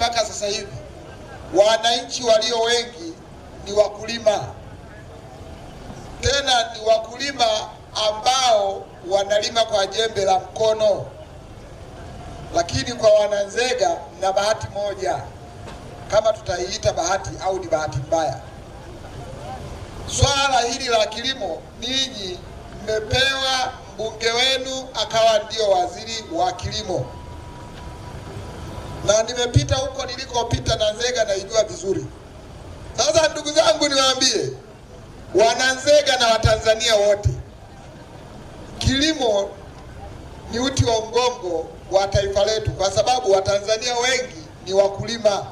mpaka sasa hivi wananchi walio wengi ni wakulima, tena ni wakulima ambao wanalima kwa jembe la mkono. Lakini kwa Wananzega na bahati moja, kama tutaiita bahati au ni bahati mbaya, swala hili la kilimo, ninyi mmepewa mbunge wenu akawa ndio waziri wa kilimo na nimepita huko nilikopita na Nzega naijua vizuri. Sasa ndugu zangu, niwaambie nzega na Watanzania wote, kilimo ni uti wa mgongo wa taifa letu, kwa sababu Watanzania wengi ni wakulima,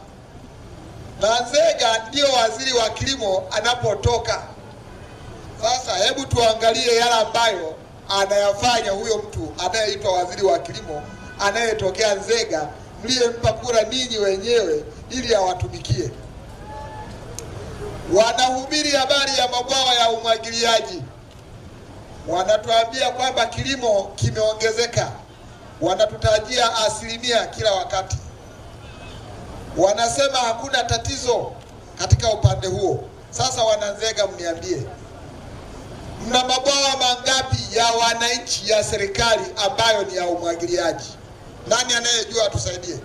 na Nzega ndiyo waziri wa kilimo anapotoka. Sasa hebu tuangalie yale ambayo anayafanya huyo mtu anayeitwa waziri wa kilimo anayetokea Nzega mliyempa kura ninyi wenyewe ili awatumikie. Wanahubiri habari ya, mabwawa ya umwagiliaji, wanatuambia kwamba kilimo kimeongezeka, wanatutajia asilimia kila wakati, wanasema hakuna tatizo katika upande huo. Sasa wananzega, mniambie, mna mabwawa mangapi ya wananchi ya serikali ambayo ni ya umwagiliaji? Nani anayejua atusaidie?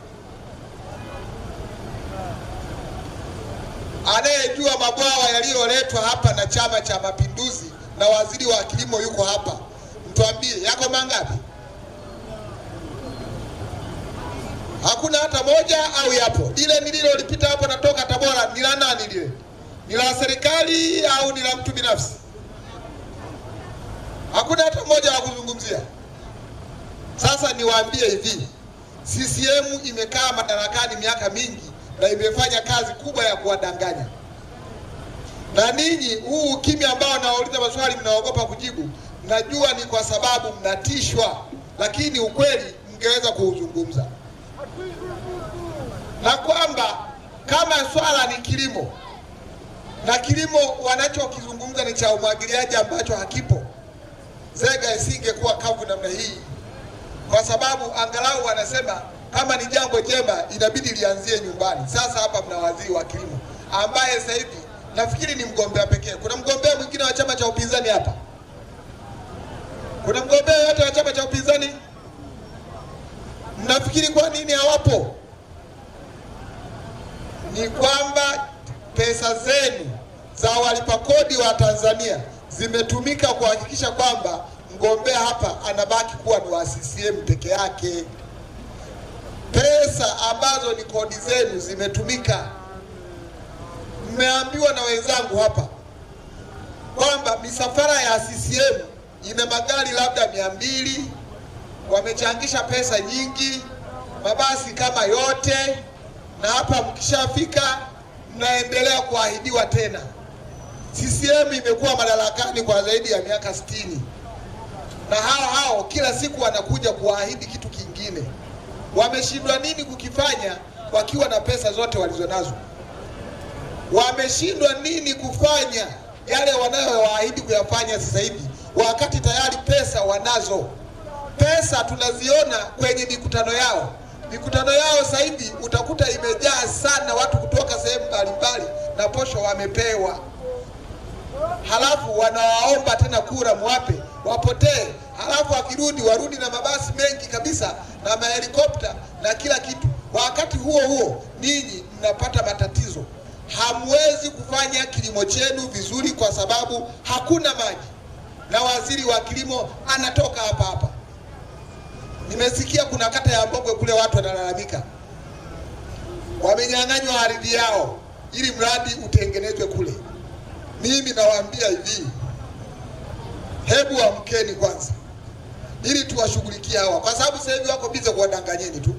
Anayejua mabwawa yaliyoletwa hapa na Chama cha Mapinduzi na waziri wa kilimo yuko hapa, mtuambie yako mangapi? Hakuna hata moja au yapo? Lile nililolipita hapo natoka Tabora ni la nani lile? Ni la serikali au ni la mtu binafsi? Hakuna hata moja la kuzungumzia. Sasa niwaambie hivi, CCM imekaa madarakani miaka mingi na imefanya kazi kubwa ya kuwadanganya, na ninyi huu ukimya ambao nawauliza maswali mnaogopa kujibu, najua ni kwa sababu mnatishwa, lakini ukweli mngeweza kuuzungumza, na kwamba kama swala ni kilimo na kilimo wanachokizungumza ni cha umwagiliaji ambacho hakipo, zega isingekuwa kavu namna hii kwa sababu angalau wanasema kama ni jambo jema inabidi lianzie nyumbani. Sasa hapa mna waziri wa kilimo ambaye sasa hivi nafikiri ni mgombea pekee. Kuna mgombea mwingine wa chama cha upinzani hapa? Kuna mgombea yote wa chama cha upinzani? Mnafikiri kwa nini hawapo? Ni kwamba pesa zenu za walipa kodi wa Tanzania zimetumika kuhakikisha kwamba mgombea hapa anabaki kuwa ni wa CCM peke yake. Pesa ambazo ni kodi zenu zimetumika. Mmeambiwa na wenzangu hapa kwamba misafara ya CCM ina magari labda mia mbili, wamechangisha pesa nyingi, mabasi kama yote, na hapa mkishafika mnaendelea kuahidiwa tena. CCM imekuwa madarakani kwa zaidi ya miaka sitini na hao hao kila siku wanakuja kuwaahidi kitu kingine. Wameshindwa nini kukifanya wakiwa na pesa zote walizonazo? Wameshindwa nini kufanya yale wanayowaahidi kuyafanya sasa hivi, wakati tayari pesa wanazo? Pesa tunaziona kwenye mikutano yao. Mikutano yao sasa hivi utakuta imejaa sana watu kutoka sehemu mbalimbali, na posho wamepewa, halafu wanawaomba tena kura mwape wapotee halafu akirudi warudi na mabasi mengi kabisa na mahelikopta na kila kitu. Wakati huo huo, ninyi mnapata matatizo, hamwezi kufanya kilimo chenu vizuri kwa sababu hakuna maji, na waziri wa kilimo anatoka hapa hapa. Nimesikia kuna kata ya Mbogwe kule watu wanalalamika wamenyang'anywa ardhi yao ili mradi utengenezwe kule. Mimi nawaambia hivi, hebu amkeni kwanza ili tuwashughulikie hawa, kwa sababu sasa hivi wako bize kuwadanganyeni tu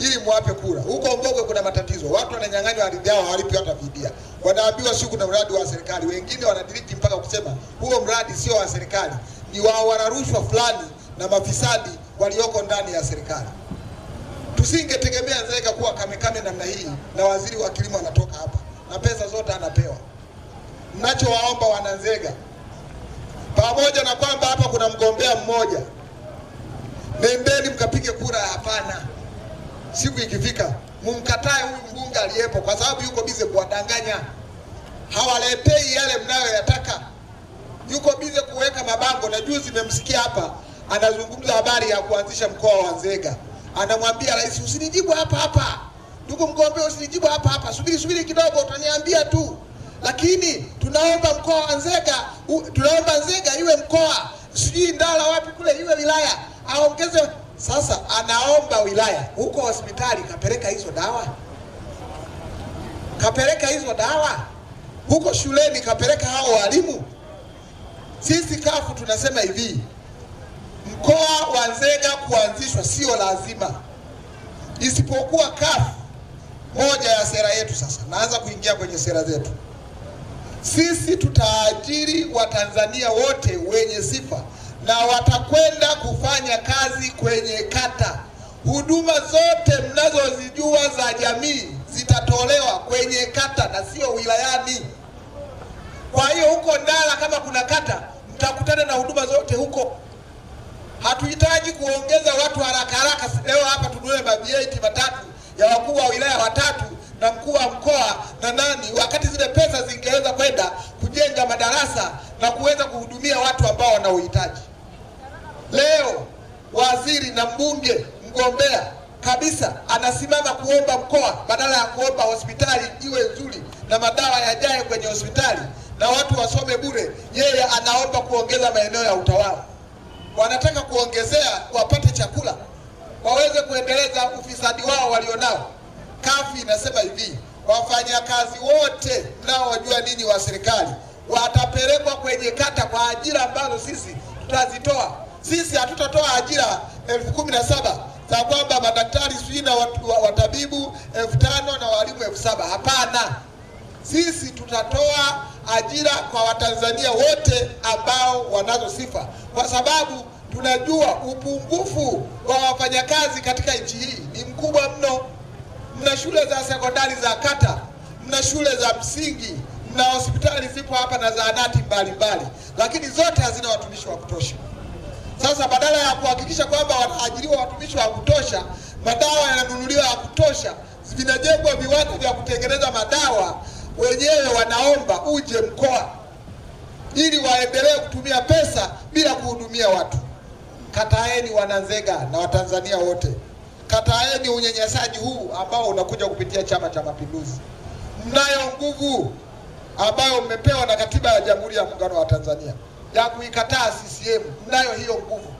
ili mwape kura. Huko Mbogwe kuna matatizo, watu wananyang'anywa ardhi yao, hawalipi hata fidia, wanaambiwa si kuna mradi wa serikali. Wengine wanadiriki mpaka kusema huo mradi sio wa serikali, ni wa wanarushwa fulani na mafisadi walioko ndani ya serikali. Tusingetegemea Nzega kuwa kamekame namna hii, na waziri wa kilimo anatoka hapa na pesa zote anapewa. Mnachowaomba wana Nzega, pamoja na kwamba hapa kuna mgombea mmoja nembeni mkapige kura ya hapana. Siku ikifika mumkatae huyu mbunge aliyepo, kwa sababu yuko bize kuwadanganya, hawaletei yale mnayoyataka, yuko bize kuweka mabango. Na juzi nimemsikia hapa anazungumza habari ya kuanzisha mkoa wa Nzega, anamwambia rais, usinijibu hapa hapa, ndugu mgombea, usinijibu hapa hapa, subiri subiri kidogo, utaniambia tu lakini tunaomba mkoa wa Nzega, tunaomba Nzega iwe mkoa, sijui Ndala wapi kule iwe wilaya aongeze sasa. Anaomba wilaya huko hospitali kapeleka hizo dawa, kapeleka hizo dawa huko shuleni, kapeleka hao walimu. Sisi kafu tunasema hivi, mkoa wa Nzega kuanzishwa sio lazima, isipokuwa kafu moja ya sera yetu sasa, naanza kuingia kwenye sera zetu. Sisi tutaajiri Watanzania wote wenye sifa na watakwenda kufanya kazi kwenye kata. Huduma zote mnazozijua za jamii zitatolewa kwenye kata na sio wilayani. Kwa hiyo huko Ndala kama kuna kata, mtakutana na huduma zote huko. Hatuhitaji kuongeza watu haraka haraka. Leo hapa tunue mabieti matatu ya wakuu wa wilaya watatu na mkuu wa mkoa na nani, wakati zile pesa zingeweza kwenda kujenga madarasa na kuweza kuhudumia watu ambao wana uhitaji na mbunge mgombea kabisa anasimama kuomba mkoa badala ya kuomba hospitali iwe nzuri na madawa yajaye kwenye hospitali na watu wasome bure, yeye anaomba kuongeza maeneo ya utawala. Wanataka kuongezea wapate chakula waweze kuendeleza ufisadi wao walionao. Kafi inasema hivi, wafanyakazi wote mnaojua ninyi wa serikali watapelekwa kwenye kata kwa ajira ambazo sisi tutazitoa. Sisi hatutatoa ajira elfu kumi na saba za kwamba madaktari sijui na watabibu elfu tano na walimu elfu saba Hapana, sisi tutatoa ajira kwa Watanzania wote ambao wanazo sifa, kwa sababu tunajua upungufu wa wafanyakazi katika nchi hii ni mkubwa mno. Mna shule za sekondari za kata, mna shule za msingi, mna hospitali zipo hapa na zahanati mbalimbali, lakini zote hazina watumishi wa kutosha. Sasa badala ya kuhakikisha kwamba wanaajiriwa watumishi wa kutosha, madawa yananunuliwa ya kutosha, vinajengwa viwanda vya kutengeneza madawa, wenyewe wanaomba uje mkoa ili waendelee kutumia pesa bila kuhudumia watu. Kataeni Wananzega na Watanzania wote, kataeni unyanyasaji huu ambao unakuja kupitia Chama cha Mapinduzi. Mnayo nguvu ambayo mmepewa na katiba ya Jamhuri ya Muungano wa Tanzania ya kuikataa CCM. Mnayo hiyo nguvu,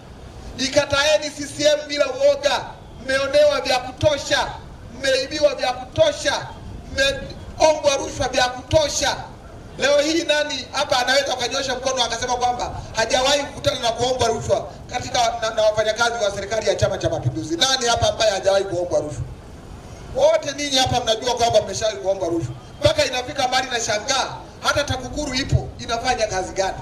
ikataeni CCM bila uoga. Mmeonewa vya kutosha, mmeibiwa vya kutosha, mmeombwa rushwa vya kutosha. Leo hii nani hapa anaweza kunyosha mkono akasema kwamba hajawahi kukutana na kuombwa rushwa katika na, na wafanyakazi wa serikali ya Chama cha Mapinduzi? Nani hapa ambaye hajawahi kuombwa rushwa? Wote ninyi hapa mnajua kwamba mmeshawahi kuongwa rushwa, mpaka inafika mbali na shangaa hata TAKUKURU ipo inafanya kazi gani?